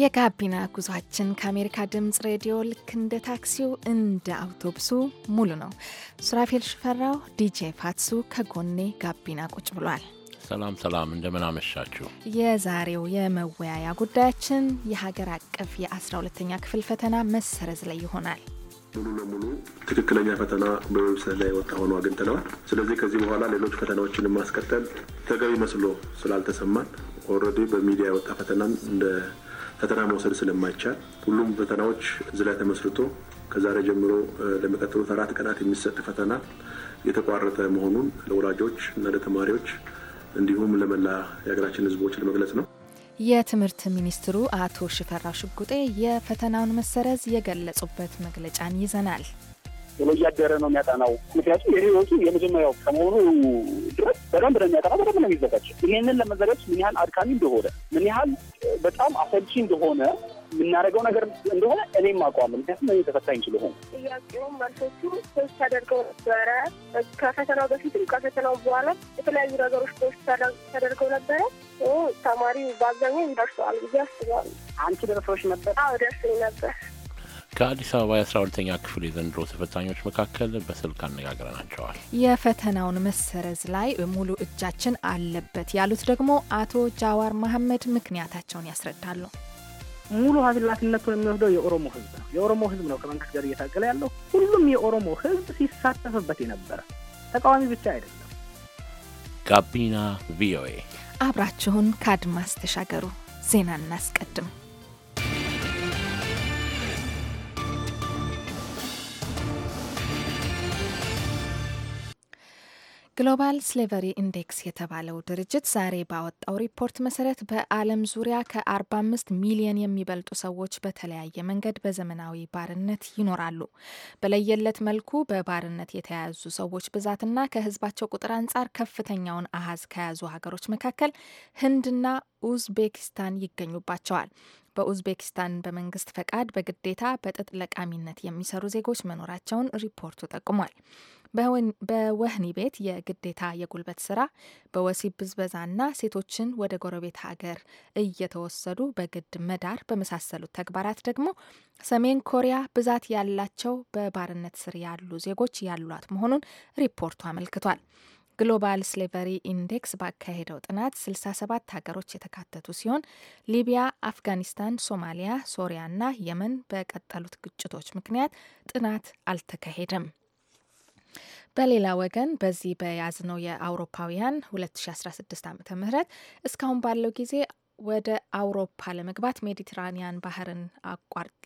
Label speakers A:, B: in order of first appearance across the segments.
A: የጋቢና ጉዟችን ከአሜሪካ ድምፅ ሬዲዮ ልክ እንደ ታክሲው እንደ አውቶቡሱ ሙሉ ነው። ሱራፌል ሽፈራው፣ ዲጄ ፋትሱ ከጎኔ ጋቢና ቁጭ ብሏል።
B: ሰላም ሰላም፣ እንደምን አመሻችሁ።
A: የዛሬው የመወያያ ጉዳያችን የሀገር አቀፍ የአስራ ሁለተኛ ክፍል ፈተና መሰረዝ ላይ ይሆናል። ሙሉ ለሙሉ
C: ትክክለኛ ፈተና በዌብሳይት ላይ የወጣ ሆኖ አግኝተነዋል። ስለዚህ ከዚህ በኋላ ሌሎች ፈተናዎችን ማስቀጠል ተገቢ መስሎ ስላልተሰማን ኦልሬዲ በሚዲያ የወጣ ፈተናም እንደ ፈተና መውሰድ ስለማይቻል ሁሉም ፈተናዎች እዚህ ላይ ተመስርቶ ከዛሬ ጀምሮ ለሚቀጥሉት አራት ቀናት የሚሰጥ ፈተና የተቋረጠ መሆኑን ለወላጆች እና ለተማሪዎች እንዲሁም ለመላ የሀገራችን ሕዝቦች ለመግለጽ ነው።
A: የትምህርት ሚኒስትሩ አቶ ሽፈራው ሽጉጤ የፈተናውን መሰረዝ የገለጹበት መግለጫን ይዘናል።
D: ብሎ እያደረ ነው የሚያጠናው። ምክንያቱም የህይወቱ የመጀመሪያው ከመሆኑ ድረስ በደንብ ነው የሚያጠናው፣ በደንብ ነው የሚዘጋጀው። ይሄንን ለመዘጋጀት ምን ያህል አድካሚ እንደሆነ፣ ምን ያህል በጣም አሰልቺ እንደሆነ የምናደርገው ነገር እንደሆነ እኔም አውቀዋለሁ። ምክንያቱም እኔ ተፈታኝ ስለሆንኩ
E: ጥያቄውም መልሶቹ ሶስት ተደርገው ነበረ። ከፈተናው በፊትም ከፈተናው በኋላ የተለያዩ ነገሮች ሶስት ተደርገው ነበረ። ተማሪ በአብዛኛው ይደርሰዋል ብዬ አስባለሁ። አንቺ ደርሰዎች ነበር? አዎ ደርሰኝ ነበር።
B: ከአዲስ አበባ የአስራ ሁለተኛ ክፍል የዘንድሮ ተፈታኞች መካከል በስልክ አነጋግረናቸዋል።
A: የፈተናውን መሰረዝ ላይ ሙሉ እጃችን አለበት ያሉት ደግሞ አቶ ጃዋር መሐመድ ምክንያታቸውን ያስረዳሉ። ሙሉ ኃላፊነቱን የሚወስደው የኦሮሞ ህዝብ ነው።
F: የኦሮሞ ህዝብ ነው ከመንግስት ጋር እየታገለ ያለው። ሁሉም የኦሮሞ ህዝብ ሲሳተፍበት የነበረ ተቃዋሚ ብቻ አይደለም።
B: ጋቢና ቪኦኤ
A: አብራችሁን ከአድማስ ተሻገሩ። ዜና እናስቀድም። ግሎባል ስሌቨሪ ኢንዴክስ የተባለው ድርጅት ዛሬ ባወጣው ሪፖርት መሰረት በዓለም ዙሪያ ከ45 ሚሊዮን የሚበልጡ ሰዎች በተለያየ መንገድ በዘመናዊ ባርነት ይኖራሉ። በለየለት መልኩ በባርነት የተያዙ ሰዎች ብዛትና ከህዝባቸው ቁጥር አንጻር ከፍተኛውን አሃዝ ከያዙ ሀገሮች መካከል ህንድና ኡዝቤኪስታን ይገኙባቸዋል። በኡዝቤኪስታን በመንግስት ፈቃድ በግዴታ በጥጥ ለቃሚነት የሚሰሩ ዜጎች መኖራቸውን ሪፖርቱ ጠቁሟል። በወህኒ ቤት የግዴታ የጉልበት ስራ፣ በወሲብ ብዝበዛና ሴቶችን ወደ ጎረቤት ሀገር እየተወሰዱ በግድ መዳር በመሳሰሉት ተግባራት ደግሞ ሰሜን ኮሪያ ብዛት ያላቸው በባርነት ስር ያሉ ዜጎች ያሏት መሆኑን ሪፖርቱ አመልክቷል። ግሎባል ስሌቨሪ ኢንዴክስ ባካሄደው ጥናት 67 ሀገሮች የተካተቱ ሲሆን ሊቢያ፣ አፍጋኒስታን፣ ሶማሊያ፣ እና የመን በቀጠሉት ግጭቶች ምክንያት ጥናት አልተካሄደም። በሌላ ወገን በዚህ በያዝነው የአውሮፓውያን 2016 ዓ ም እስካሁን ባለው ጊዜ ወደ አውሮፓ ለመግባት ሜዲትራኒያን ባህርን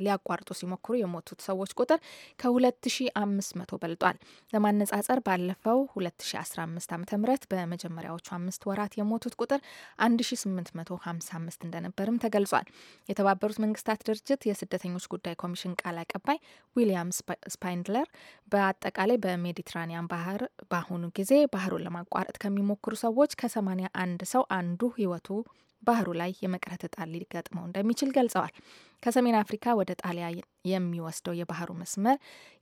A: ሊያቋርጡ ሲሞክሩ የሞቱት ሰዎች ቁጥር ከ2500 በልጧል። ለማነጻጸር ባለፈው 2015 ዓ ም በመጀመሪያዎቹ አምስት ወራት የሞቱት ቁጥር 1855 እንደነበርም ተገልጿል። የተባበሩት መንግስታት ድርጅት የስደተኞች ጉዳይ ኮሚሽን ቃል አቀባይ ዊሊያም ስፓይንድለር በአጠቃላይ በሜዲትራኒያን ባህር በአሁኑ ጊዜ ባህሩን ለማቋረጥ ከሚሞክሩ ሰዎች ከ81 ሰው አንዱ ህይወቱ ባህሩ ላይ የመቅረት እጣ ሊገጥመው እንደሚችል ገልጸዋል። ከሰሜን አፍሪካ ወደ ጣሊያ የሚወስደው የባህሩ መስመር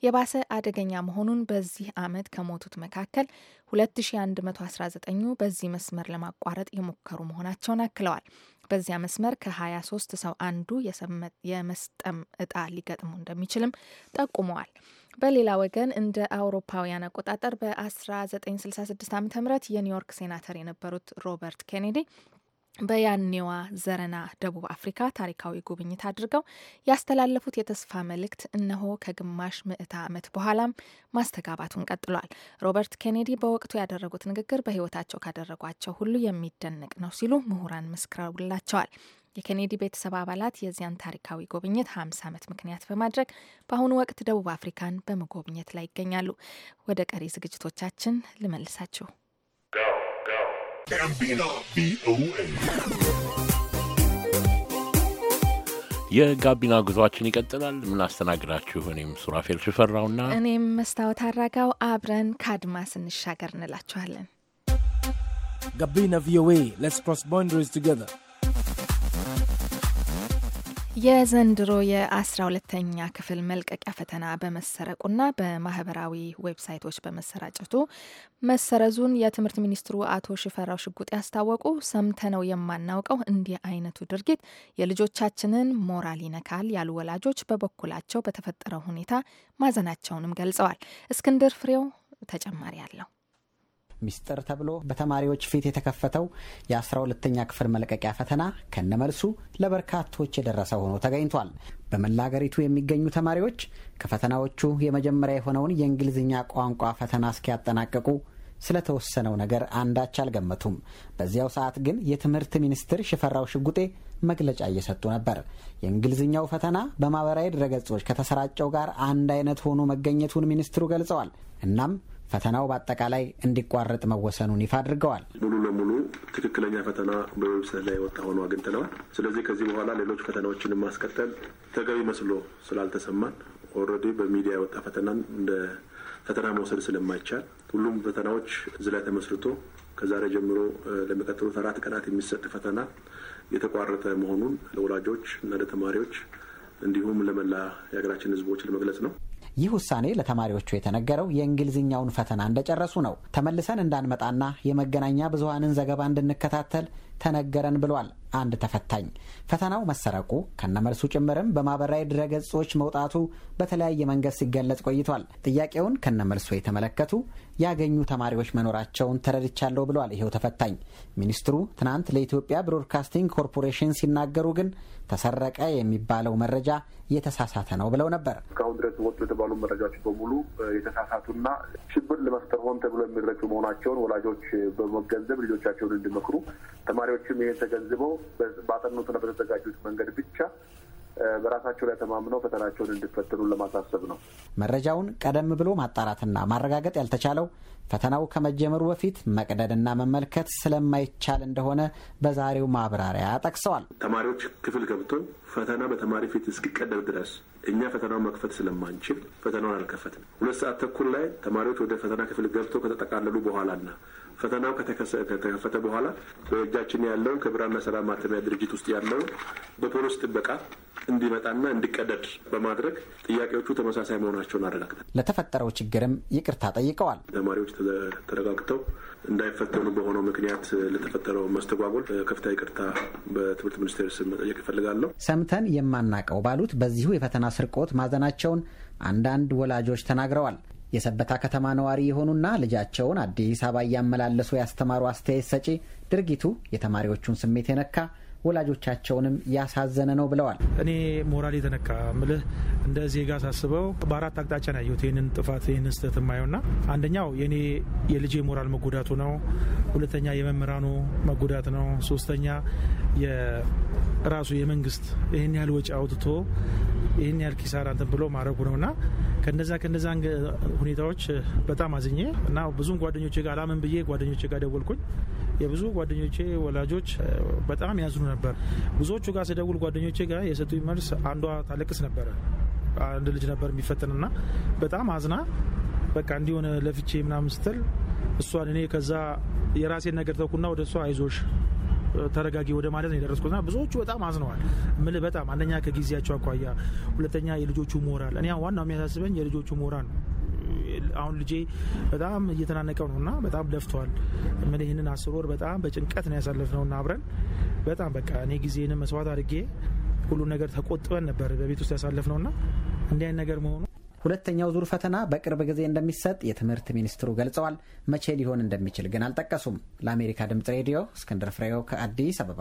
A: የባሰ አደገኛ መሆኑን በዚህ ዓመት ከሞቱት መካከል 2119ኙ በዚህ መስመር ለማቋረጥ የሞከሩ መሆናቸውን አክለዋል። በዚያ መስመር ከ23 ሰው አንዱ የመስጠም እጣ ሊገጥሙ እንደሚችልም ጠቁመዋል። በሌላ ወገን እንደ አውሮፓውያን አቆጣጠር በ1966 ዓ ም የኒውዮርክ ሴናተር የነበሩት ሮበርት ኬኔዲ በያኔዋ ዘረና ደቡብ አፍሪካ ታሪካዊ ጉብኝት አድርገው ያስተላለፉት የተስፋ መልእክት እነሆ ከግማሽ ምዕተ ዓመት በኋላም ማስተጋባቱን ቀጥሏል። ሮበርት ኬኔዲ በወቅቱ ያደረጉት ንግግር በሕይወታቸው ካደረጓቸው ሁሉ የሚደነቅ ነው ሲሉ ምሁራን መስክረውላቸዋል። የኬኔዲ ቤተሰብ አባላት የዚያን ታሪካዊ ጉብኝት 50 ዓመት ምክንያት በማድረግ በአሁኑ ወቅት ደቡብ አፍሪካን በመጎብኘት ላይ ይገኛሉ። ወደ ቀሪ ዝግጅቶቻችን ልመልሳችሁ።
C: ጋቢና ቪኦኤ
B: የጋቢና ጉዟችን ይቀጥላል። የምናስተናግዳችሁ እኔም ሱራፌል ሽፈራውና
A: እኔም መስታወት አራጋው አብረን ከአድማስ እንሻገር እንላችኋለን። ጋቢና ቪኦኤ ሌትስ ክሮስ ቦንደሪስ ቱጌዘር የዘንድሮ የአስራ ሁለተኛ ክፍል መልቀቂያ ፈተና በመሰረቁና በማህበራዊ ዌብሳይቶች በመሰራጨቱ መሰረዙን የትምህርት ሚኒስትሩ አቶ ሽፈራው ሽጉጤ ያስታወቁ። ሰምተነው የማናውቀው እንዲህ አይነቱ ድርጊት የልጆቻችንን ሞራል ይነካል ያሉ ወላጆች በበኩላቸው በተፈጠረው ሁኔታ ማዘናቸውንም ገልጸዋል። እስክንድር ፍሬው ተጨማሪ አለው።
G: ሚስጥር ተብሎ በተማሪዎች ፊት የተከፈተው የአስራ ሁለተኛ ክፍል መልቀቂያ ፈተና ከነመልሱ ለበርካቶች የደረሰ ሆኖ ተገኝቷል። በመላ አገሪቱ የሚገኙ ተማሪዎች ከፈተናዎቹ የመጀመሪያ የሆነውን የእንግሊዝኛ ቋንቋ ፈተና እስኪያጠናቀቁ ስለተወሰነው ነገር አንዳች አልገመቱም። በዚያው ሰዓት ግን የትምህርት ሚኒስትር ሽፈራው ሽጉጤ መግለጫ እየሰጡ ነበር። የእንግሊዝኛው ፈተና በማህበራዊ ድረገጾች ከተሰራጨው ጋር አንድ አይነት ሆኖ መገኘቱን ሚኒስትሩ ገልጸዋል። እናም ፈተናው በአጠቃላይ እንዲቋረጥ መወሰኑን ይፋ አድርገዋል።
C: ሙሉ ለሙሉ ትክክለኛ ፈተና በዌብሳይት ላይ የወጣ ሆኖ አግኝተነዋል። ስለዚህ ከዚህ በኋላ ሌሎች ፈተናዎችን ማስቀጠል ተገቢ መስሎ ስላልተሰማን ኦልሬዲ በሚዲያ የወጣ ፈተናን እንደ ፈተና መውሰድ ስለማይቻል ሁሉም ፈተናዎች እዚህ ላይ ተመስርቶ ከዛሬ ጀምሮ ለሚቀጥሉት አራት ቀናት የሚሰጥ ፈተና የተቋረጠ መሆኑን ለወላጆች እና ለተማሪዎች እንዲሁም ለመላ የሀገራችን ሕዝቦች ለመግለጽ ነው።
G: ይህ ውሳኔ ለተማሪዎቹ የተነገረው የእንግሊዝኛውን ፈተና እንደጨረሱ ነው። ተመልሰን እንዳንመጣና የመገናኛ ብዙሀንን ዘገባ እንድንከታተል ተነገረን ብሏል አንድ ተፈታኝ። ፈተናው መሰረቁ ከነመልሱ ጭምርም በማህበራዊ ድረገጾች መውጣቱ በተለያየ መንገድ ሲገለጽ ቆይቷል። ጥያቄውን ከነመልሱ የተመለከቱ ያገኙ ተማሪዎች መኖራቸውን ተረድቻለሁ ብሏል ይኸው ተፈታኝ። ሚኒስትሩ ትናንት ለኢትዮጵያ ብሮድካስቲንግ ኮርፖሬሽን ሲናገሩ ግን ተሰረቀ የሚባለው መረጃ የተሳሳተ ነው ብለው ነበር።
C: እስካሁን ድረስ ወጡ የተባሉ መረጃዎች በሙሉ የተሳሳቱና ሽብር ለመፍጠር ሆን ተብሎ የሚረጩ መሆናቸውን ወላጆች በመገንዘብ ልጆቻቸውን እንዲመክሩ ተማሪዎችም ይህን ተገንዝበው ባጠኑትና በተዘጋጁት መንገድ ብቻ በራሳቸው ላይ ተማምነው ፈተናቸውን እንዲፈትኑ ለማሳሰብ ነው።
G: መረጃውን ቀደም ብሎ ማጣራትና ማረጋገጥ ያልተቻለው ፈተናው ከመጀመሩ በፊት መቅደድና መመልከት ስለማይቻል እንደሆነ በዛሬው ማብራሪያ ጠቅሰዋል።
C: ተማሪዎች ክፍል ገብቶ ፈተና በተማሪ ፊት እስኪቀደድ ድረስ እኛ ፈተናውን መክፈት ስለማንችል ፈተናውን አልከፈትም። ሁለት ሰዓት ተኩል ላይ ተማሪዎች ወደ ፈተና ክፍል ገብቶ ከተጠቃለሉ በኋላና ፈተናው ከተከፈተ በኋላ በእጃችን ያለውን ከብራና ሰላም ማተሚያ ድርጅት ውስጥ ያለውን በፖሊስ ጥበቃ እንዲመጣና እንዲቀደድ በማድረግ ጥያቄዎቹ ተመሳሳይ መሆናቸውን አረጋግጠን
G: ለተፈጠረው ችግርም ይቅርታ ጠይቀዋል።
C: ተማሪዎች ተረጋግተው እንዳይፈተኑ በሆነው ምክንያት ለተፈጠረው መስተጓጎል ከፍታ ይቅርታ በትምህርት ሚኒስቴር ስም መጠየቅ ይፈልጋለሁ።
G: ሰምተን የማናቀው ባሉት በዚሁ የፈተና ስርቆት ማዘናቸውን አንዳንድ ወላጆች ተናግረዋል። የሰበታ ከተማ ነዋሪ የሆኑና ልጃቸውን አዲስ አበባ እያመላለሱ ያስተማሩ አስተያየት ሰጪ ድርጊቱ የተማሪዎቹን ስሜት የነካ ወላጆቻቸውንም ያሳዘነ ነው ብለዋል።
H: እኔ ሞራል የተነካ ምልህ እንደ ዜጋ ሳስበው በአራት አቅጣጫ ነው ያየሁት ይህንን ጥፋት ይህንን ስህተት የማየው ና አንደኛው የኔ የልጅ ሞራል መጎዳቱ ነው። ሁለተኛ የመምህራኑ መጎዳት ነው። ሶስተኛ የራሱ የመንግስት ይህን ያህል ወጪ አውጥቶ ይህን ያህል ኪሳራ እንትን ብሎ ማድረጉ ነው እና ከነዛ ከነዛ ሁኔታዎች በጣም አዝኜ እና ብዙም ጓደኞች ጋር አላምን ብዬ ጓደኞች ጋር ደወልኩኝ። የብዙ ጓደኞቼ ወላጆች በጣም ያዝኑ ነበር። ብዙዎቹ ጋር ስደውል ጓደኞቼ ጋር የሰጡኝ መልስ አንዷ ታለቅስ ነበረ። አንድ ልጅ ነበር የሚፈትንና በጣም አዝና በቃ እንዲሆነ ለፍቼ ምናምን ስትል እሷን እኔ ከዛ የራሴን ነገር ተኩና ወደ እሷ አይዞሽ ተረጋጊ ወደ ማለት ነው የደረስኩትና ብዙዎቹ በጣም አዝነዋል። ምል በጣም አንደኛ ከጊዜያቸው አኳያ፣ ሁለተኛ የልጆቹ ሞራል። እኔ ዋናው የሚያሳስበኝ የልጆቹ ሞራል ነው። አሁን ልጄ በጣም እየተናነቀው ነው እና በጣም ለፍተዋል። ምን ይህንን አስር ወር በጣም በጭንቀት ነው ያሳለፍነው እና አብረን በጣም በቃ እኔ ጊዜንም መስዋዕት አድርጌ ሁሉን ነገር ተቆጥበን ነበር በቤት ውስጥ ያሳለፍነው እና እንዲህ አይነት ነገር መሆኑ
G: ሁለተኛው ዙር ፈተና በቅርብ ጊዜ እንደሚሰጥ የትምህርት ሚኒስትሩ ገልጸዋል። መቼ ሊሆን እንደሚችል ግን አልጠቀሱም። ለአሜሪካ ድምጽ ሬዲዮ እስክንድር ፍሬው ከአዲስ አበባ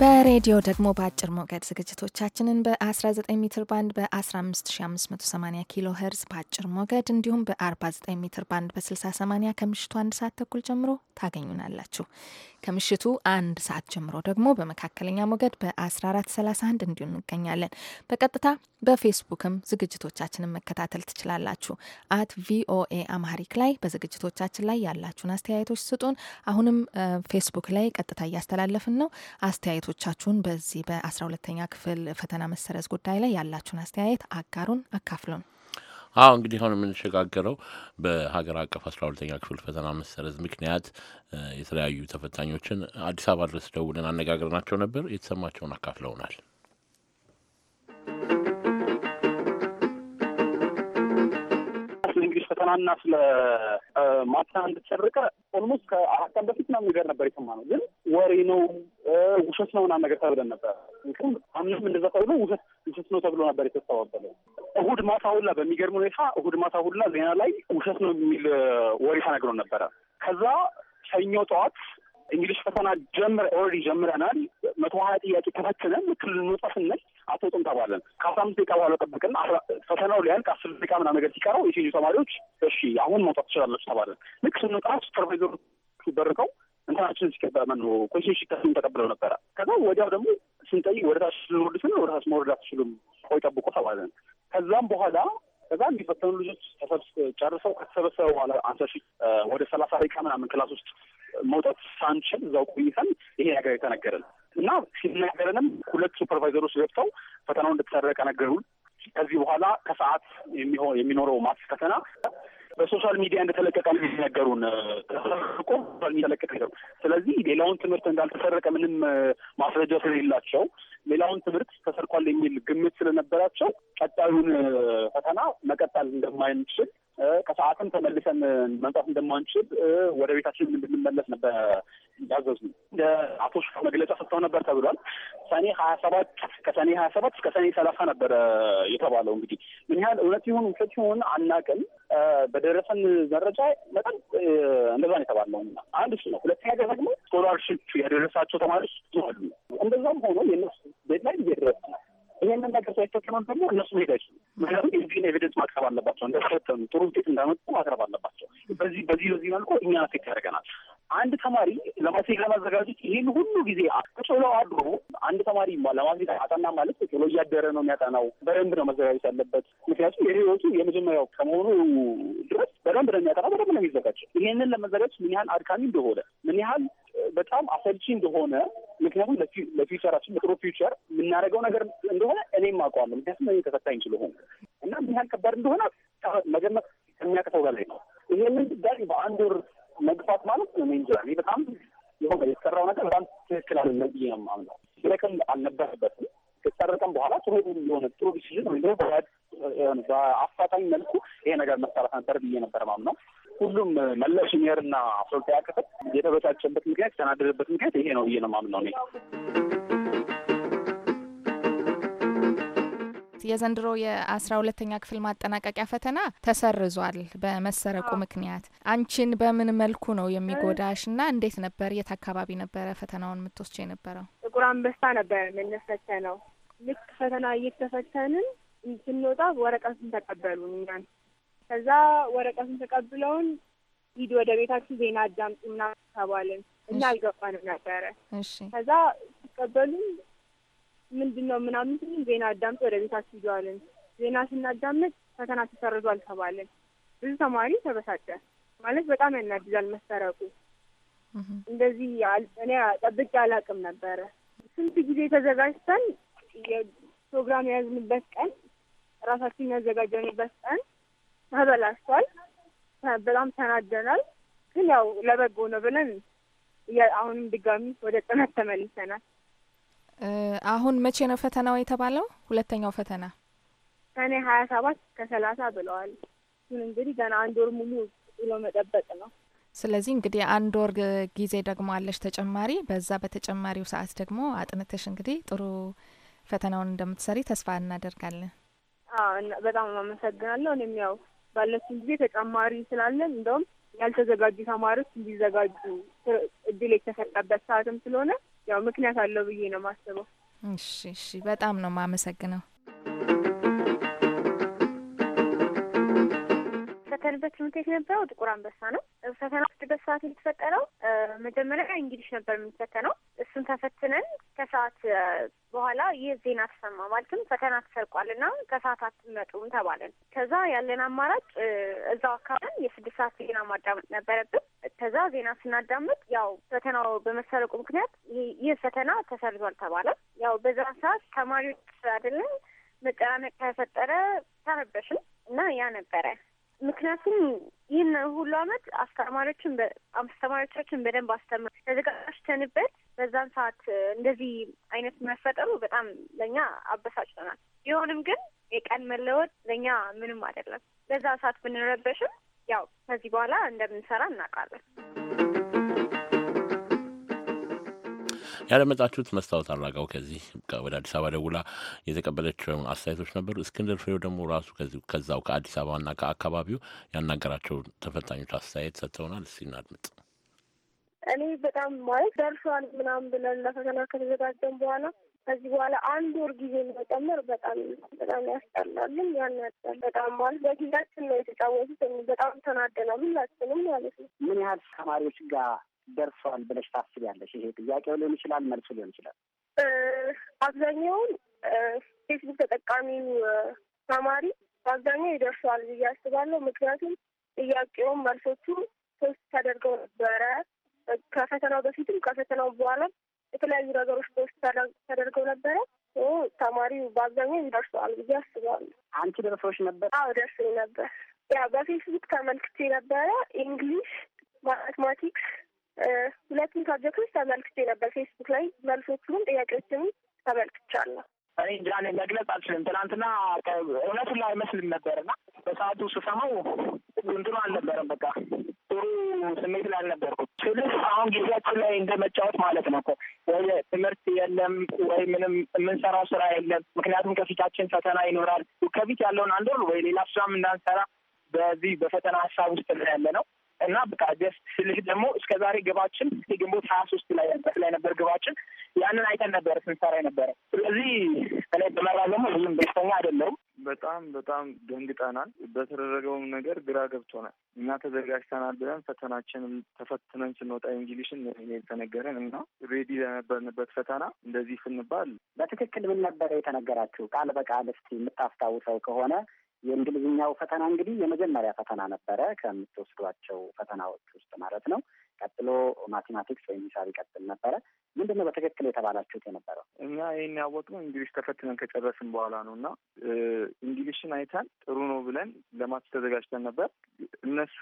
A: በሬዲዮ ደግሞ በአጭር ሞገድ ዝግጅቶቻችንን በ19 ሜትር ባንድ በ15580 ኪሎ ሄርዝ በአጭር ሞገድ እንዲሁም በ49 ሜትር ባንድ በ6080 ከምሽቱ አንድ ሰዓት ተኩል ጀምሮ ታገኙናላችሁ። ከምሽቱ አንድ ሰዓት ጀምሮ ደግሞ በመካከለኛ ሞገድ በ1431 እንዲሁ እንገኛለን። በቀጥታ በፌስቡክም ዝግጅቶቻችንን መከታተል ትችላላችሁ። አት ቪኦኤ አማሪክ ላይ በዝግጅቶቻችን ላይ ያላችሁን አስተያየቶች ስጡን። አሁንም ፌስቡክ ላይ ቀጥታ እያስተላለፍን ነው አስተያየቶ አድማጮቻችሁን በዚህ በአስራ ሁለተኛ ክፍል ፈተና መሰረዝ ጉዳይ ላይ ያላችሁን አስተያየት አጋሩን፣ አካፍሉን።
B: አዎ እንግዲህ አሁን የምንሸጋገረው በሀገር አቀፍ አስራ ሁለተኛ ክፍል ፈተና መሰረዝ ምክንያት የተለያዩ ተፈታኞችን አዲስ አበባ ድረስ ደውለን አነጋግረናቸው ነበር። የተሰማቸውን አካፍለውናል።
D: ፈተናና ስለ ማትና እንድትጨርቀ ኦልሞስት ከአራት ቀን በፊት ምናምን ነገር ነበር ነው። ግን ወሬ ነው ውሸት ነው ምናምን ነገር ተብለን ነበር። አምንም እንደዛ ተብሎ ውሸት ውሸት ነው ተብሎ ነበር የተስተባበለው። እሁድ ማታ ሁላ በሚገርም ሁኔታ እሁድ ማታ ሁላ ዜና ላይ ውሸት ነው የሚል ወሬ ተነግሮ ነበረ። ከዛ ሰኞ ጠዋት እንግሊሽ ፈተና ጀምረ ኦልሬዲ ጀምረናል። መቶ ሀያ ጥያቄ ተፈትነን ክልል እንውጣ አቶ ጥንቃ ባለን ከአስራ አምስት ደቂቃ በኋላ ጠብቅና ፈተናው ሊያልቅ አስር ደቂቃ ምና ነገር ሲቀረው የሴዩ ተማሪዎች እሺ አሁን መውጣት ትችላለች ተባለን። ልክ ስንወጣ ሱፐርቫይዘሩ በርቀው እንትናችን ሲቀበመ ኮሴ ኮሽን ተቀብለው ነበረ። ከዛ ወዲያው ደግሞ ስንጠይቅ ወደ ታች ስንወርድ ስን ወደ ታች መወረድ አትችሉም፣ ቆይ ጠብቆ ተባለን። ከዛም በኋላ ከዛ የሚፈተኑ ልጆች ጨርሰው ከተሰበሰበ በኋላ አንተሺ ወደ ሰላሳ ደቂቃ ምናምን ክላስ ውስጥ መውጣት ሳንችል እዛው ቆይተን ይሄ ነገር የተነገረን እና ሲነገረንም ሁለት ሱፐርቫይዘሮች ገብተው ፈተናው እንደተሰረቀ ነገሩን። ከዚህ በኋላ ከሰዓት የሚኖረው ማስ ፈተና በሶሻል ሚዲያ እንደተለቀቀ ነው የሚነገሩን። ተሰርቆ ሶሻል ሚዲያ ተለቀቀ። ስለዚህ ሌላውን ትምህርት እንዳልተሰረቀ ምንም ማስረጃ ስለሌላቸው ሌላውን ትምህርት ተሰርቋል የሚል ግምት ስለነበራቸው ቀጣዩን ፈተና መቀጠል እንደማይንችል ከሰዓትም ተመልሰን መምጣት እንደማንችል ወደ ቤታችን እንድንመለስ ነበር ያዘዙ። አቶ ሽፋ መግለጫ ሰጥተው ነበር ተብሏል። ሰኔ ሀያ ሰባት ከሰኔ ሀያ ሰባት እስከ ሰኔ ሰላሳ ነበረ የተባለው። እንግዲህ ምን ያህል እውነት ይሁን ውሸት ይሁን አናውቅም። በደረሰን መረጃ መጠን እንደዛ ነው የተባለው። አንድ እሱ ነው። ሁለተኛ ደግሞ ስኮላርሽፕ የደረሳቸው ተማሪዎች አሉ። እንደዛም ሆኖ የነሱ ቤት ላይ እየደረስ ነው። ነገር ደግሞ እነሱ መሄድ ምክንያቱም የዚህን ኤቪደንስ ማቅረብ አለባቸው፣ እንደተፈተኑ ጥሩ ውጤት እንዳመጡ ማቅረብ አለባቸው። በዚህ በዚህ በዚህ መልኩ እኛ ፌክት ያደርገናል። አንድ ተማሪ ለማስሄድ ለማዘጋጀት ይህን ሁሉ ጊዜ ቁጭ አድሮ አንድ ተማሪ ለማስሄድ አጠና ማለት ቁጭ እያደረ ነው የሚያጠናው። በደንብ ነው መዘጋጀት ያለበት። ምክንያቱም የህይወቱ የመጀመሪያው ከመሆኑ ድረስ በደንብ ነው የሚያጠና በደንብ ነው የሚዘጋጀው። ይህንን ለመዘጋጀት ምን ያህል አድካሚ እንደሆነ ምን ያህል በጣም አሰልቺ እንደሆነ ምክንያቱም ለፊውቸራችን ለጥሩ ፊውቸር የምናደርገው ነገር እንደሆነ እኔም አውቀዋለሁ። ምክንያቱም እኔ ተፈታኝ ስለሆንኩ እና ምን ያህል ከባድ እንደሆነ መገመት ከሚያቅተው በላይ ነው። ይሄንን ጉዳይ በአንድ ወር መግፋት ማለት እኔ እንጃ እኔ በጣም የሆነ የተሰራው ነገር በጣም ትክክል አለ ብዬ ነው የማምነው። ሲረቅም አልነበረበትም። ከተሰረቀም በኋላ ጥሩ የሆነ ጥሩ ዲሲዥን ወይ ደግሞ በአፋጣኝ መልኩ ይሄ ነገር መሰራት ነበር ብዬ ነበር ማምነው። ሁሉም መላው ሲኒየርና አፍሮልታ ያክፍል የተበሳጨበት ምክንያት የተናደደበት ምክንያት ይሄ ነው ብዬ ነው የማምነው እኔ።
A: የዘንድሮ የአስራ ሁለተኛ ክፍል ማጠናቀቂያ ፈተና ተሰርዟል በመሰረቁ ምክንያት። አንቺን በምን መልኩ ነው የሚጎዳሽ እና እንዴት ነበር? የት አካባቢ ነበረ ፈተናውን የምትወስጂ የነበረው?
E: ጥቁር አንበሳ ነበር የምንፈተነው። ልክ ፈተና እየተፈተንን ስንወጣ ወረቀቱን ተቀበሉን እኛን ከዛ ወረቀቱን ተቀብለውን ሂድ ወደ ቤታችን ዜና አዳምጡ ምናምን ተባልን። እኛ አልገባንም ነበረ። ከዛ ሲቀበሉም ምንድን ነው ምናምን ስንል ዜና አዳምጡ ወደ ቤታችሁ ሂዱ ዜና ስናዳምጥ ፈተና ተሰርዟል ተባልን። ብዙ ተማሪ ተበሳጨ። ማለት በጣም ያናድዛል መሰረቁ። እንደዚህ እኔ ጠብቄ አላውቅም ነበረ። ስንት ጊዜ ተዘጋጅተን ፕሮግራም የያዝንበት ቀን ራሳችን ያዘጋጀንበት ቀን ተበላሽቷል። በጣም ተናደናል። ግን ያው ለበጎ ነው ብለን አሁንም ድጋሚ ወደ ጥናት ተመልሰናል።
A: አሁን መቼ ነው ፈተናው የተባለው? ሁለተኛው ፈተና
E: ከኔ ሀያ ሰባት ከሰላሳ ብለዋል። ግን እንግዲህ ገና አንድ ወር ሙሉ ብሎ መጠበቅ ነው።
A: ስለዚህ እንግዲህ አንድ ወር ጊዜ ደግሞ አለሽ ተጨማሪ። በዛ በተጨማሪው ሰዓት ደግሞ አጥንተሽ እንግዲህ ጥሩ ፈተናውን እንደምትሰሪ ተስፋ እናደርጋለን።
E: በጣም አመሰግናለሁ። እኔም ያው ባለችን ጊዜ ተጨማሪ ስላለን እንደውም ያልተዘጋጁ ተማሪዎች እንዲዘጋጁ እድል የተሰጠበት ሰዓትም ስለሆነ ያው ምክንያት አለው ብዬ ነው የማስበው።
A: እሺ እሺ፣ በጣም ነው የማመሰግነው።
E: የምንፈተንበት ትምህርት ቤት ነበረው ጥቁር አንበሳ ነው። ፈተና ውስጥበት ሰዓት የተፈጠረው መጀመሪያ እንግሊሽ ነበር የምንፈተነው። እሱን ተፈትነን ከሰዓት በኋላ ይህ ዜና ተሰማ፣ ማለትም ፈተና ተሰርቋልና ከሰዓት አትመጡም ተባለን። ከዛ ያለን አማራጭ እዛው አካባቢ የስድስት ሰዓት ዜና ማዳመጥ ነበረብን። ከዛ ዜና ስናዳምጥ ያው ፈተናው በመሰረቁ ምክንያት ይህ ፈተና ተሰርዟል ተባለ። ያው በዛ ሰዓት ተማሪዎች አይደለም መጨናነቅ ተፈጠረ፣ ተረበሽን እና ያ ነበረ ምክንያቱም ይህን ሁሉ አመት አስተማሪዎችን አስተማሪዎቻችን በደንብ አስተምር ተዘጋጅተንበት በዛን ሰዓት እንደዚህ አይነት መፈጠሩ በጣም ለእኛ አበሳጭቶናል። ቢሆንም ግን የቀን መለወጥ ለእኛ ምንም አይደለም። በዛ ሰዓት ብንረበሽም ያው ከዚህ በኋላ እንደምንሰራ እናውቃለን።
B: ያደመጣችሁት መስታወት አራጋው ከዚህ ወደ አዲስ አበባ ደውላ የተቀበለችውን አስተያየቶች ነበሩ። እስክንድር ፍሬው ደግሞ ራሱ ከዛው ከአዲስ አበባና ከአካባቢው ያናገራቸው ተፈታኞች አስተያየት ሰጥተውናል። እስኪ እናድምጥ።
E: እኔ በጣም ማለት ደርሷል ምናምን ብለን ለፈተና ከተዘጋጀን በኋላ ከዚህ በኋላ አንድ ወር ጊዜ መጨመር በጣም በጣም ያስጠላልን ያን ያስጠላል። በጣም ማለት በጊዜያችን ነው የተጫወቱት። በጣም ተናደናል ሁላችንም ማለት ነው። ምን ያህል ተማሪዎች ጋር
G: ደርሷል ብለሽ ታስቢያለሽ? ይሄ ጥያቄው ሊሆን ይችላል፣ መልሱ ሊሆን ይችላል።
E: አብዛኛውን ፌስቡክ ተጠቃሚው ተማሪ በአብዛኛው ይደርሷል ብዬ አስባለሁ። ምክንያቱም ጥያቄውም መልሶቹ ፖስት ተደርገው ነበረ። ከፈተናው በፊትም ከፈተናው በኋላም የተለያዩ ነገሮች ፖስት ተደርገው ነበረ። ተማሪው በአብዛኛው ይደርሰዋል ብዬ አስባለሁ። አንቺ ደርሶች ነበር? አዎ ደርሶኝ ነበር። ያ በፌስቡክ ተመልክቼ ነበረ። ኢንግሊሽ፣ ማትማቲክስ ሁለቱም ሳብጀክቶች ተመልክቼ ነበር ፌስቡክ ላይ መልሶቹንም ጥያቄዎችንም ተመልክቻለሁ።
D: እኔ እንጃ መግለጽ አልችልም። ትናንትና እውነቱን ላይ አይመስልም ነበር እና በሰዓቱ ስሰማው እንትኑ አልነበረም። በቃ ጥሩ ስሜት ላይ አልነበርኩም። ስልህ አሁን ጊዜያችን ላይ እንደ መጫወት ማለት ነው እኮ ወይ ትምህርት የለም ወይ ምንም የምንሰራው ስራ የለም። ምክንያቱም ከፊታችን ፈተና ይኖራል። ከፊት ያለውን አንድ ወር ወይ ሌላ ስራ እንዳንሰራ በዚህ በፈተና ሀሳብ ውስጥ ያለ ነው እና በቃ ደስ ስልህ ደግሞ እስከ ዛሬ ግባችን ግንቦት ሀያ ሶስት ላይ ነበር ላይ ነበር ግባችን ያንን አይተን ነበረ ስንሰራ ነበረ። ስለዚህ እኔ ደግሞ ብዙም ደስተኛ አይደለሁም።
I: በጣም በጣም ደንግጠናል። በተደረገውም ነገር ግራ ገብቶናል። እኛ ተዘጋጅተናል ብለን ፈተናችንን ተፈትነን ስንወጣ እንግሊሽን የተነገረን እና ሬዲ ለነበርንበት ፈተና እንደዚህ ስንባል በትክክል
G: ምን ነበረ የተነገራችሁ? ቃል በቃል እስቲ የምታስታውሰው ከሆነ የእንግሊዝኛው ፈተና እንግዲህ የመጀመሪያ ፈተና ነበረ ከምትወስዷቸው ፈተናዎች ውስጥ ማለት ነው። ቀጥሎ ማቴማቲክስ ወይም ሂሳብ ይቀጥል ነበረ። ምንድን ነው በትክክል የተባላችሁት የነበረው?
I: እኛ ይህን ያወቅነው እንግሊሽ ተፈትነን ከጨረስን በኋላ ነው እና እንግሊሽን አይታን ጥሩ ነው ብለን ለማት ተዘጋጅተን ነበር። እነሱ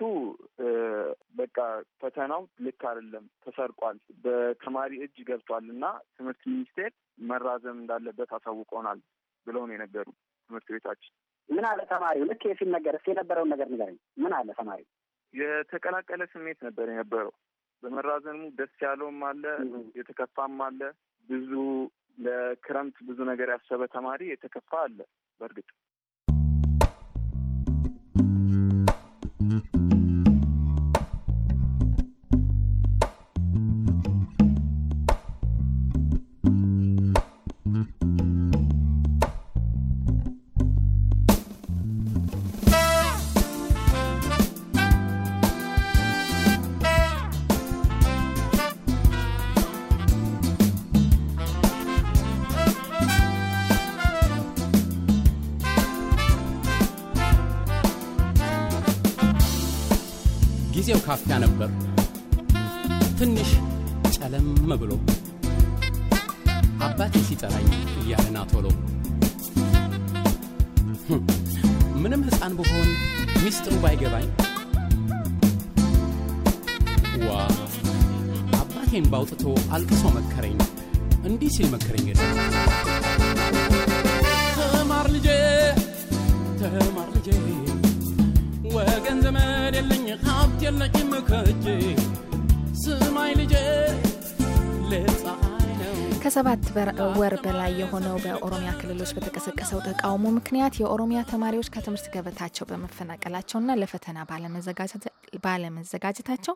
I: በቃ ፈተናው ልክ አይደለም፣ ተሰርቋል፣ በተማሪ እጅ ገብቷል እና ትምህርት ሚኒስቴር መራዘም እንዳለበት አሳውቀናል ብለው ነው የነገሩ ትምህርት ቤታችን
G: ምን አለ ተማሪው? ልክ ነገር እስኪ የነበረውን ነገር ንገረኝ። ምን አለ ተማሪው?
I: የተቀላቀለ ስሜት ነበር የነበረው። በመራዘሙ ደስ ያለውም አለ፣ የተከፋም አለ። ብዙ ለክረምት ብዙ ነገር ያሰበ ተማሪ የተከፋ አለ በእርግጥ
D: አውጥቶ አልቅሶ መከረኝ። እንዲህ ሲል መከረኝ፣ ጌታ ተማር ልጄ፣ ተማር ልጄ፣
F: ወገን ዘመድ የለኝ ሀብት የለኝም ከእጄ።
H: ስማይ ልጄ ለጻ
A: ከሰባት ወር በላይ የሆነው በኦሮሚያ ክልሎች በተቀሰቀሰው ተቃውሞ ምክንያት የኦሮሚያ ተማሪዎች ከትምህርት ገበታቸው በመፈናቀላቸውና ለፈተና ባለመዘጋጀታቸው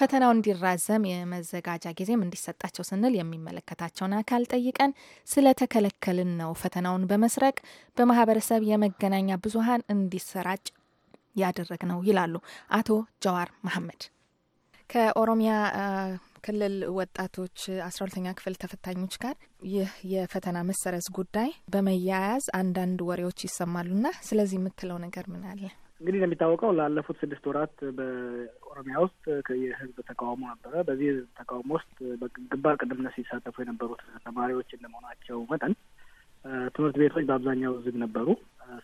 A: ፈተናው እንዲራዘም የመዘጋጃ ጊዜም እንዲሰጣቸው ስንል የሚመለከታቸውን አካል ጠይቀን ስለተከለከልን ነው ፈተናውን በመስረቅ በማህበረሰብ የመገናኛ ብዙሀን እንዲሰራጭ ያደረግ ነው ይላሉ አቶ ጀዋር መሐመድ። ከኦሮሚያ ክልል ወጣቶች አስራ ሁለተኛ ክፍል ተፈታኞች ጋር ይህ የፈተና መሰረዝ ጉዳይ በመያያዝ አንዳንድ ወሬዎች ይሰማሉና ስለዚህ የምትለው ነገር ምን አለ?
F: እንግዲህ እንደሚታወቀው ላለፉት ስድስት ወራት በኦሮሚያ ውስጥ የህዝብ ተቃውሞ ነበረ። በዚህ ህዝብ ተቃውሞ ውስጥ በግንባር ቅድምነት ሲሳተፉ የነበሩት ተማሪዎች እንደመሆናቸው መጠን ትምህርት ቤቶች በአብዛኛው ዝግ ነበሩ።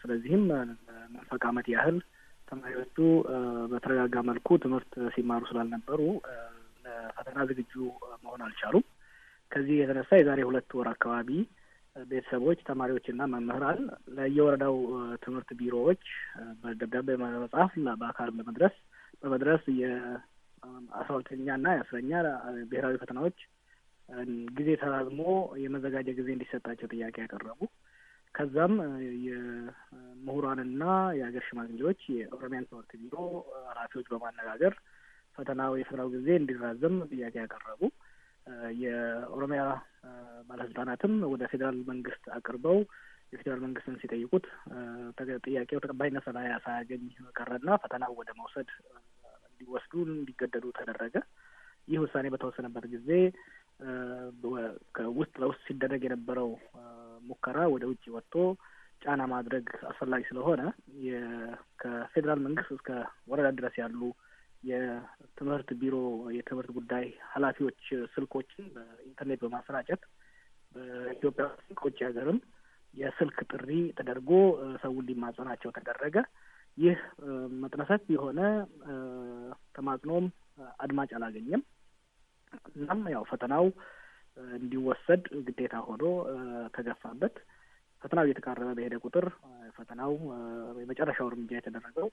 F: ስለዚህም መንፈቅ ዓመት ያህል ተማሪዎቹ በተረጋጋ መልኩ ትምህርት ሲማሩ ስላልነበሩ ለፈተና ዝግጁ መሆን አልቻሉም። ከዚህ የተነሳ የዛሬ ሁለት ወር አካባቢ ቤተሰቦች፣ ተማሪዎችና መምህራን ለየወረዳው ትምህርት ቢሮዎች በደብዳቤ በመጻፍ እና በአካል በመድረስ በመድረስ የአስራ ሁለተኛና የአስረኛ ብሔራዊ ፈተናዎች ጊዜ ተራዝሞ የመዘጋጀ ጊዜ እንዲሰጣቸው ጥያቄ ያቀረቡ ከዛም የምሁራንና የሀገር ሽማግሌዎች የኦሮሚያን ትምህርት ቢሮ ኃላፊዎች በማነጋገር ፈተናው የፈተናው ጊዜ እንዲራዘም ጥያቄ ያቀረቡ የኦሮሚያ ባለስልጣናትም ወደ ፌዴራል መንግስት አቅርበው የፌዴራል መንግስትን ሲጠይቁት ጥያቄው ተቀባይነት ሳያገኝ ቀረና ፈተናው ወደ መውሰድ እንዲወስዱ እንዲገደዱ ተደረገ። ይህ ውሳኔ በተወሰነበት ጊዜ ውስጥ ለውስጥ ሲደረግ የነበረው ሙከራ ወደ ውጭ ወጥቶ ጫና ማድረግ አስፈላጊ ስለሆነ ከፌዴራል መንግስት እስከ ወረዳ ድረስ ያሉ የትምህርት ቢሮ የትምህርት ጉዳይ ኃላፊዎች ስልኮችን በኢንተርኔት በማሰራጨት በኢትዮጵያ ከውጭ ሀገርም የስልክ ጥሪ ተደርጎ ሰው እንዲማጸናቸው ተደረገ። ይህ መጥነሰት የሆነ ተማጽኖም አድማጭ አላገኘም። እናም ያው ፈተናው እንዲወሰድ ግዴታ ሆኖ ተገፋበት። ፈተናው እየተቃረበ በሄደ ቁጥር ፈተናው የመጨረሻው እርምጃ የተደረገው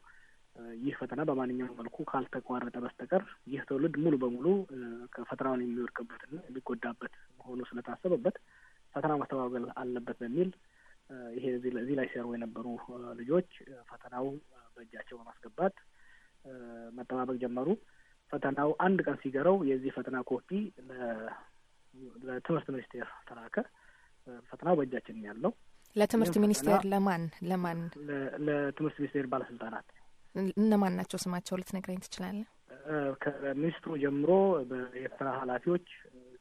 F: ይህ ፈተና በማንኛውም መልኩ ካልተቋረጠ በስተቀር ይህ ትውልድ ሙሉ በሙሉ ከፈተናውን የሚወድቅበትና የሚጎዳበት መሆኑ ስለታሰበበት ፈተና መስተጓጎል አለበት በሚል ይሄ እዚህ ላይ ሲያርቡ የነበሩ ልጆች ፈተናው በእጃቸው በማስገባት መጠባበቅ ጀመሩ። ፈተናው አንድ ቀን ሲገረው የዚህ ፈተና ኮፒ ለትምህርት ሚኒስቴር ተላከ። ፈተናው በእጃችን ያለው ለትምህርት ሚኒስቴር
A: ለማን ለማን
F: ለትምህርት ሚኒስቴር ባለስልጣናት
A: እነማን ናቸው ስማቸው ልትነግረኝ ትችላለህ?
F: ከሚኒስትሩ ጀምሮ በኤርትራ ኃላፊዎች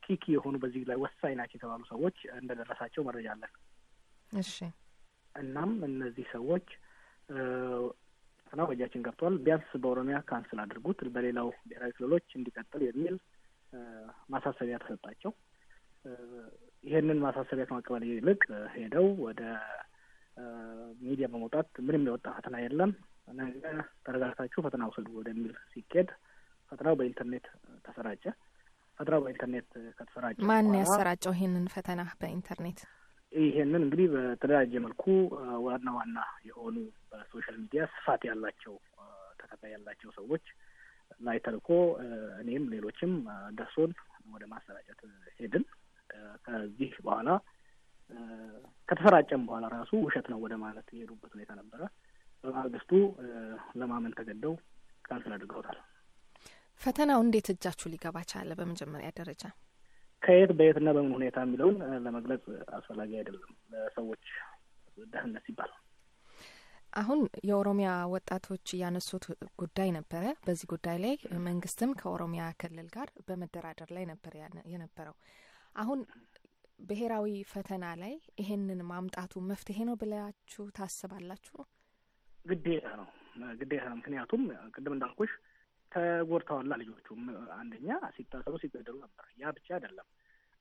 F: ኪኪ የሆኑ በዚህ ላይ ወሳኝ ናቸው የተባሉ ሰዎች እንደደረሳቸው መረጃ አለን። እሺ። እናም እነዚህ ሰዎች ጥና በእጃችን ገብቷል። ቢያንስ በኦሮሚያ ካንስል አድርጉት፣ በሌላው ብሔራዊ ክልሎች እንዲቀጥል የሚል ማሳሰቢያ ተሰጣቸው። ይሄንን ማሳሰቢያ ከመቀበል ይልቅ ሄደው ወደ ሚዲያ በመውጣት ምንም የወጣ ፈተና የለም ነገ ተረጋግታችሁ ፈተና ውሰዱ ወደሚል ሲኬድ ፈተናው በኢንተርኔት ተሰራጨ።
A: ፈተናው በኢንተርኔት ከተሰራጨ ማን ያሰራጨው ይሄንን ፈተና በኢንተርኔት?
F: ይሄንን እንግዲህ በተደራጀ መልኩ ዋና ዋና የሆኑ በሶሻል ሚዲያ ስፋት ያላቸው ተከታይ ያላቸው ሰዎች ላይ ተልኮ እኔም ሌሎችም ደርሶን ወደ ማሰራጨት ሄድን። ከዚህ በኋላ ከተሰራጨም በኋላ ራሱ ውሸት ነው ወደ ማለት የሄዱበት ሁኔታ ነበረ። በማግስቱ ለማመን ተገደው ካንስል አድርገውታል።
A: ፈተናው እንዴት እጃችሁ ሊገባ ቻለ? በመጀመሪያ ደረጃ
F: ከየት በየትና በምን ሁኔታ የሚለውን ለመግለጽ አስፈላጊ አይደለም፣ ለሰዎች ደህንነት ሲባል።
A: አሁን የኦሮሚያ ወጣቶች እያነሱት ጉዳይ ነበረ። በዚህ ጉዳይ ላይ መንግስትም ከኦሮሚያ ክልል ጋር በመደራደር ላይ ነበር የነበረው። አሁን ብሔራዊ ፈተና ላይ ይሄንን ማምጣቱ መፍትሄ ነው ብላችሁ ታስባላችሁ?
F: ግዴታ ነው ግዴታ ነው። ምክንያቱም ቅድም እንዳልኩሽ ተጎድተዋላ ልጆቹ አንደኛ ሲታሰሩ ሲገደሉ ነበር። ያ ብቻ አይደለም።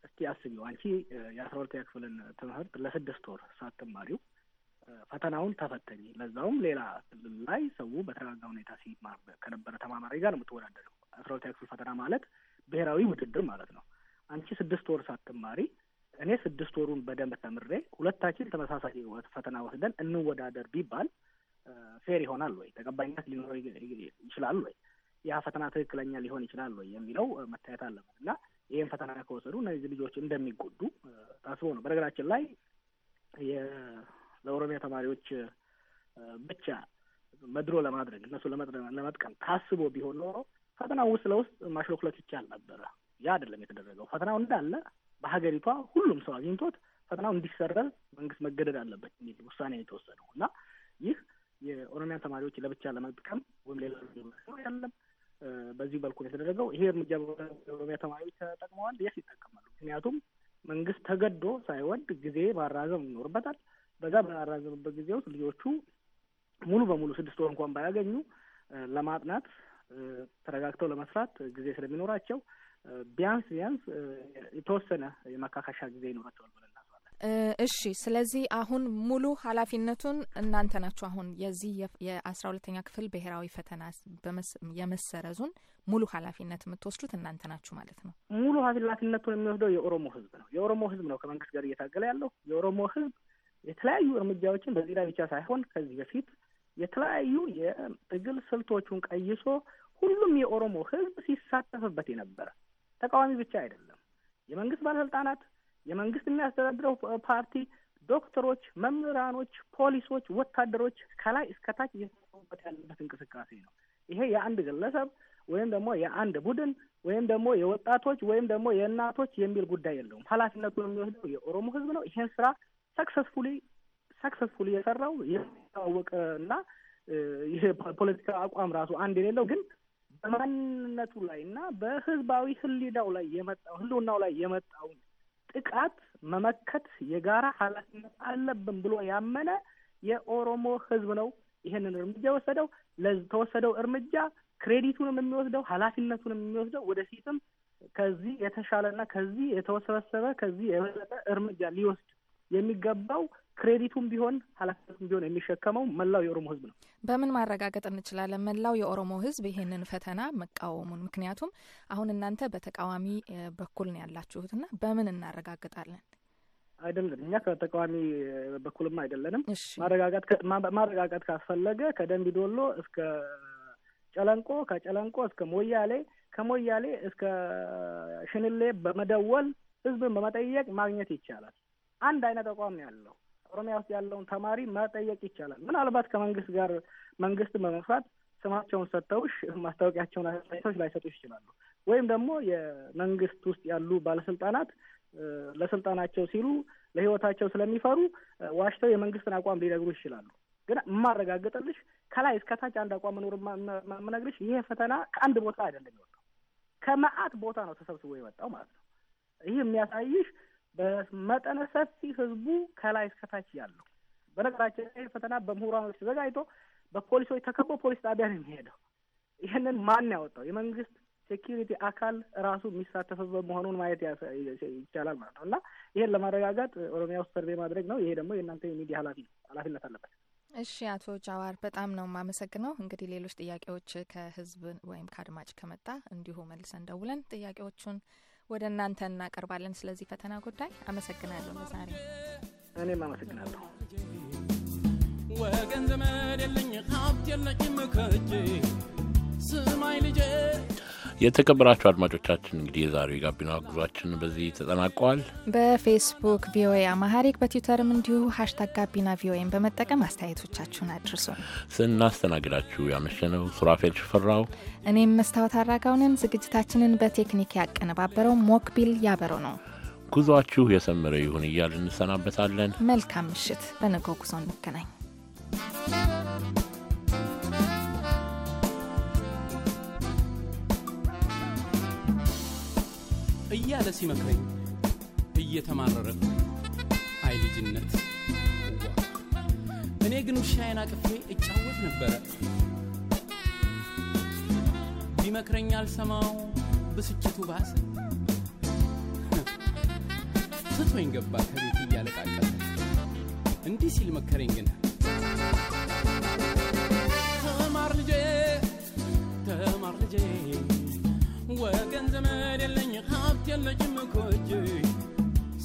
F: እስቲ አስቢው አንቺ የአስራ ሁለተኛ ክፍልን ትምህርት ለስድስት ወር ሳትማሪው ፈተናውን ተፈተኝ፣ ለዛውም ሌላ ክልል ላይ ሰው በተረጋጋ ሁኔታ ሲማር ከነበረ ተማማሪ ጋር ነው የምትወዳደረው። አስራ ሁለተኛ ክፍል ፈተና ማለት ብሔራዊ ውድድር ማለት ነው። አንቺ ስድስት ወር ሳትማሪ እኔ ስድስት ወሩን በደንብ ተምሬ ሁለታችን ተመሳሳይ ፈተና ወስደን እንወዳደር ቢባል ፌር ይሆናል ወይ፣ ተቀባይነት ሊኖር ይችላል ወይ፣ ያ ፈተና ትክክለኛ ሊሆን ይችላል ወይ የሚለው መታየት አለበት እና ይህን ፈተና ከወሰዱ እነዚህ ልጆች እንደሚጎዱ ታስቦ ነው። በነገራችን ላይ ለኦሮሚያ ተማሪዎች ብቻ መድሮ ለማድረግ እነሱ ለመጥቀም ታስቦ ቢሆን ኖሮ ፈተናው ውስጥ ለውስጥ ማሽሎክለት ይቻል ነበረ። ያ አይደለም የተደረገው። ፈተናው እንዳለ በሀገሪቷ ሁሉም ሰው አግኝቶት ፈተናው እንዲሰረዝ መንግስት መገደድ አለበት የሚል ውሳኔ የተወሰደው እና ይህ የኦሮሚያ ተማሪዎች ለብቻ ለመጥቀም ወይም ሌላ ያለም በዚህ በልኩ ነው የተደረገው። ይሄ እርምጃ የኦሮሚያ ተማሪዎች ተጠቅመዋል። የስ ይጠቀማሉ። ምክንያቱም መንግስት ተገዶ ሳይወድ ጊዜ ማራዘም ይኖርበታል። በዛ በማራዘምበት ጊዜ ውስጥ ልጆቹ ሙሉ በሙሉ ስድስት ወር እንኳን ባያገኙ ለማጥናት ተረጋግተው ለመስራት ጊዜ ስለሚኖራቸው ቢያንስ ቢያንስ የተወሰነ የማካካሻ ጊዜ ይኖራቸዋል።
A: እሺ ስለዚህ አሁን ሙሉ ሀላፊነቱን እናንተ ናችሁ። አሁን የዚህ የአስራ ሁለተኛ ክፍል ብሔራዊ ፈተና የመሰረዙን ሙሉ ኃላፊነት የምትወስዱት እናንተ ናችሁ ማለት ነው።
F: ሙሉ ሀላፊነቱን የሚወስደው የኦሮሞ ህዝብ ነው። የኦሮሞ ህዝብ ነው ከመንግስት ጋር እየታገለ ያለው። የኦሮሞ ህዝብ የተለያዩ እርምጃዎችን በዚህ ላይ ብቻ ሳይሆን ከዚህ በፊት የተለያዩ የትግል ስልቶቹን ቀይሶ ሁሉም የኦሮሞ ህዝብ ሲሳተፍበት የነበረ ተቃዋሚ ብቻ አይደለም የመንግስት ባለስልጣናት የመንግስት የሚያስተዳድረው ፓርቲ ዶክተሮች፣ መምህራኖች፣ ፖሊሶች፣ ወታደሮች ከላይ እስከታች እየተሰሩበት ያለበት እንቅስቃሴ ነው። ይሄ የአንድ ግለሰብ ወይም ደግሞ የአንድ ቡድን ወይም ደግሞ የወጣቶች ወይም ደግሞ የእናቶች የሚል ጉዳይ የለውም። ኃላፊነቱን የሚወስደው የኦሮሞ ህዝብ ነው። ይሄን ስራ ሰክሰስፉሊ ሰክሰስፉሊ የሰራው የሚታወቅ እና ይሄ ፖለቲካ አቋም ራሱ አንድ የሌለው ግን በማንነቱ ላይ እና በህዝባዊ ህሊናው ላይ የመጣው ህልውናው ላይ የመጣውን ጥቃት መመከት የጋራ ኃላፊነት አለብን ብሎ ያመነ የኦሮሞ ህዝብ ነው ይሄንን እርምጃ የወሰደው። ለተወሰደው እርምጃ ክሬዲቱንም የሚወስደው ኃላፊነቱንም የሚወስደው ወደፊትም ከዚህ የተሻለና ከዚህ የተወሰበሰበ ከዚህ የበለጠ እርምጃ ሊወስድ የሚገባው ክሬዲቱም ቢሆን ኃላፊነቱም ቢሆን የሚሸከመው መላው የኦሮሞ ህዝብ ነው።
A: በምን ማረጋገጥ እንችላለን መላው የኦሮሞ ህዝብ ይሄንን ፈተና መቃወሙን? ምክንያቱም አሁን እናንተ በተቃዋሚ በኩል ነው እና በምን እናረጋግጣለን?
F: አይደለም እኛ ከተቃዋሚ በኩልም አይደለንም። ማረጋጋት ማረጋጋት ካስፈለገ ከደንቢ ዶሎ እስከ ጨለንቆ ከጨለንቆ እስከ ሞያሌ ከሞያሌ እስከ ሽንሌ በመደወል ህዝብን በመጠየቅ ማግኘት ይቻላል። አንድ አይነት አቋም ያለው ኦሮሚያ ውስጥ ያለውን ተማሪ መጠየቅ ይቻላል። ምናልባት ከመንግስት ጋር መንግስት በመፍራት ስማቸውን ሰጥተውሽ ማስታወቂያቸውን አሳይተውሽ ላይሰጡሽ ይችላሉ። ወይም ደግሞ የመንግስት ውስጥ ያሉ ባለስልጣናት ለስልጣናቸው ሲሉ ለህይወታቸው ስለሚፈሩ ዋሽተው የመንግስትን አቋም ሊነግሩ ይችላሉ። ግን የማረጋግጥልሽ ከላይ ታች አንድ አቋም መኖር የምነግርሽ ይሄ ፈተና ከአንድ ቦታ አይደለም የወጣው ከመዓት ቦታ ነው ተሰብስቦ የወጣው ማለት ነው። ይህ የሚያሳይሽ በመጠነ ሰፊ ህዝቡ ከላይ እስከታች ያለው በነገራችን ላይ ፈተና በምሁራኖች ተዘጋጅቶ በፖሊሶች ተከቦ ፖሊስ ጣቢያ ነው የሚሄደው። ይህንን ማን ያወጣው? የመንግስት ሴኪሪቲ አካል ራሱ የሚሳተፍበት መሆኑን ማየት ይቻላል ማለት ነው። እና ይህን ለማረጋጋት ኦሮሚያ ውስጥ ሰርቬ ማድረግ ነው። ይሄ ደግሞ የእናንተ የሚዲያ ኃላፊ ኃላፊነት አለበት።
A: እሺ፣ አቶ ጃዋር በጣም ነው የማመሰግነው። እንግዲህ ሌሎች ጥያቄዎች ከህዝብ ወይም ከአድማጭ ከመጣ እንዲሁ መልሰን ደውለን ጥያቄዎቹን ወደ እናንተ እናቀርባለን። ስለዚህ ፈተና ጉዳይ አመሰግናለሁ። ዛሬ እኔም አመሰግናለሁ።
F: ወገን ዘመድ የለኝ ሀብት የለኝ
B: ምከጄ
A: ስማይ ልጄ
B: የተከበራችሁ አድማጮቻችን እንግዲህ የዛሬው የጋቢና ጉዟችን በዚህ ተጠናቋል።
A: በፌስቡክ ቪኦኤ አማሃሪክ በትዊተርም እንዲሁ ሀሽታግ ጋቢና ቪኦኤን በመጠቀም አስተያየቶቻችሁን አድርሶ
B: ስናስተናግዳችሁ ያመሸነው ሱራፌል ሽፈራው፣
A: እኔም መስታወት አራጋውንን፣ ዝግጅታችንን በቴክኒክ ያቀነባበረው ሞክቢል ያበረው ነው።
B: ጉዟችሁ የሰመረ ይሁን እያል እንሰናበታለን።
A: መልካም ምሽት። በነገው ጉዞ እንገናኝ።
D: እያለ ሲመክረኝ እየተማረረ አይ ልጅነት
F: እኔ ግን ውሻዬን አቅፌ እጫወት ነበረ ቢመክረኝ አልሰማው ብስጭቱ ባሰ ስቶኝ ገባ ከቤት እያለቃቀለ
D: እንዲህ ሲል መከረኝ ግን
H: ተማር
F: ልጄ ተማር ልጄ ወገን ዘመድ የለኝ ሀብት የለችም ኮጅ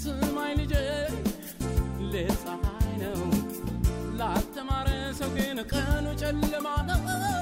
F: ስማይ ልጄ ሌት ነው ላልተማረ ሰው ግን ቀኑ ጨለማ ነው